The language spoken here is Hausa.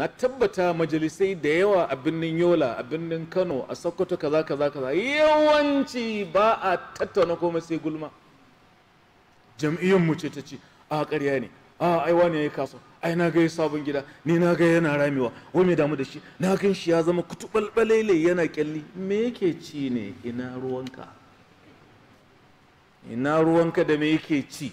na tabbata majalisai da yawa a birnin yola a birnin kano a sokoto kaza kaza kaza yawanci ba a tattauna komai sai gulma jam'iyyar mu ce ta ce a ƙarya ne a ai wani yayi kaso ai na ga sabon gida ni na ga yana ramewa wai me damu da shi na gan shi ya zama kutu kutubalbalele yana kyalli me yake ci ne ina ruwanka ina ruwanka da me yake ci